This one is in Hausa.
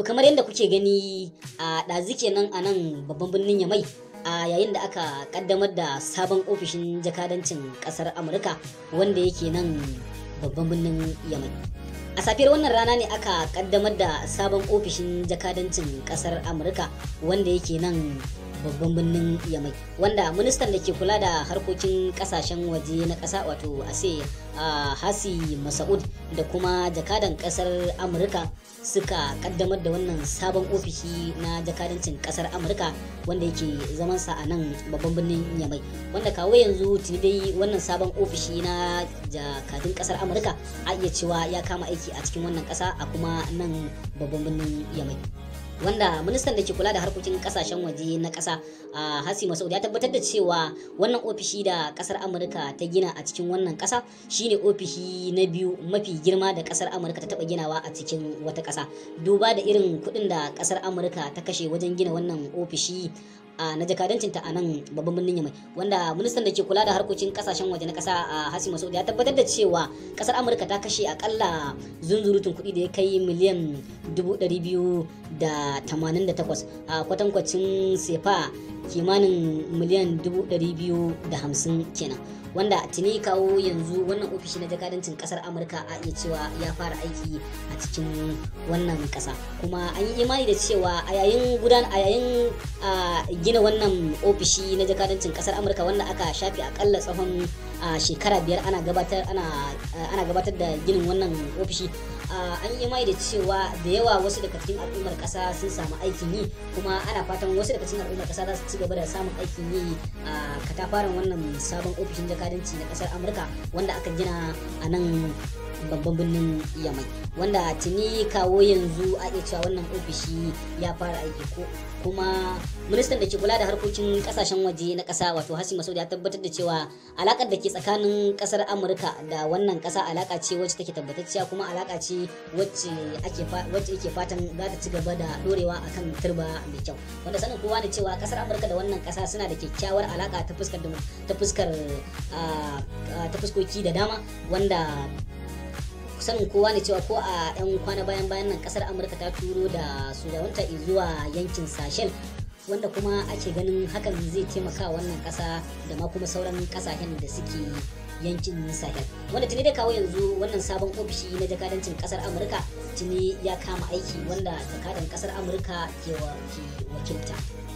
to kamar yadda kuke gani a ɗazu kenan a nan babban birnin yamai a yayin da aka kaddamar da sabon ofishin jakadancin ƙasar amurka wanda yake nan babban birnin yamai a safiyar wannan rana ne aka kaddamar da sabon ofishin jakadancin ƙasar amurka wanda yake nan babban birnin yamai wanda ministan da ke kula da harkokin kasashen waje na kasa wato ase hasi masaud da kuma jakadan kasar amurka suka kaddamar da wannan sabon ofishi na jakadancin kasar amurka wanda yake sa a nan babban birnin yamai wanda kawo yanzu tuni dai wannan sabon ofishi na jakadun kasar amurka a iya cewa ya kama aiki a cikin wannan kasa a kuma nan babban birnin yamai wanda ministan da ke kula da harkokin kasashen waje na kasa a hasi masaud ya tabbatar da cewa wannan ofishi da kasar amurka ta gina a cikin wannan kasa shine ofishi na biyu mafi girma da kasar amurka ta taba ginawa a cikin wata kasa duba da irin kudin da kasar amurka ta kashe wajen gina wannan ofishi na jakadancinta a nan babban birnin yamai wanda ministan da ke kula da harkokin kasashen waje na kasa a hasim ya tabbatar da cewa kasar amurka ta kashe akalla zunzurutun kuɗi da ya kai miliyan 288 a kwatankwacin sefa kimanin miliyan 250 kenan wanda tuni kawo yanzu wannan ofishi na jakadancin kasar amurka a iya cewa ya fara aiki a cikin wannan kasa kuma an yi imani da cewa a yayin gudan a yayin gina wannan ofishi na jakadancin kasar amurka wanda aka shafe akalla tsawon shekara biyar ana gabatar da ginin wannan ofishi an yi mai da cewa da yawa wasu daga cikin al'ummar kasa sun samu aikin yi kuma ana fatan wasu daga cikin al'ummar kasa za su ci gaba da samun aikin yi a katafaren wannan sabon ofishin jakadanci na kasar amurka wanda aka gina a nan babban birnin yamai wanda tuni kawo yanzu a iya cewa wannan ofishi ya fara aiki ko kuma ministan da ke kula da harkokin kasashen waje na kasa wato hasi masau ya tabbatar da cewa alakar da ke tsakanin kasar amurka da wannan kasa alaka ce wacce take tabbatacciya kuma alaka ce wacce ake fatan za ta ci gaba da dorewa a kan turba mai kyau wanda sanin kowa da cewa kasar amurka da wannan kasa suna da kyakkyawar alaka ta fuskar ah, ah, ta fuskoki da dama wanda sanin kowa ne cewa ko a 'yan kwana bayan bayan nan kasar amurka ta turo da sojawanta zuwa yankin sashen wanda kuma ake ganin hakan zai taimaka wannan kasa da ma kuma sauran kasashen da suke yankin sahel wanda tuni da kawo yanzu wannan sabon ofishi na jakadancin kasar amurka tuni ya kama aiki wanda jakadan kasar amurka ke wakilta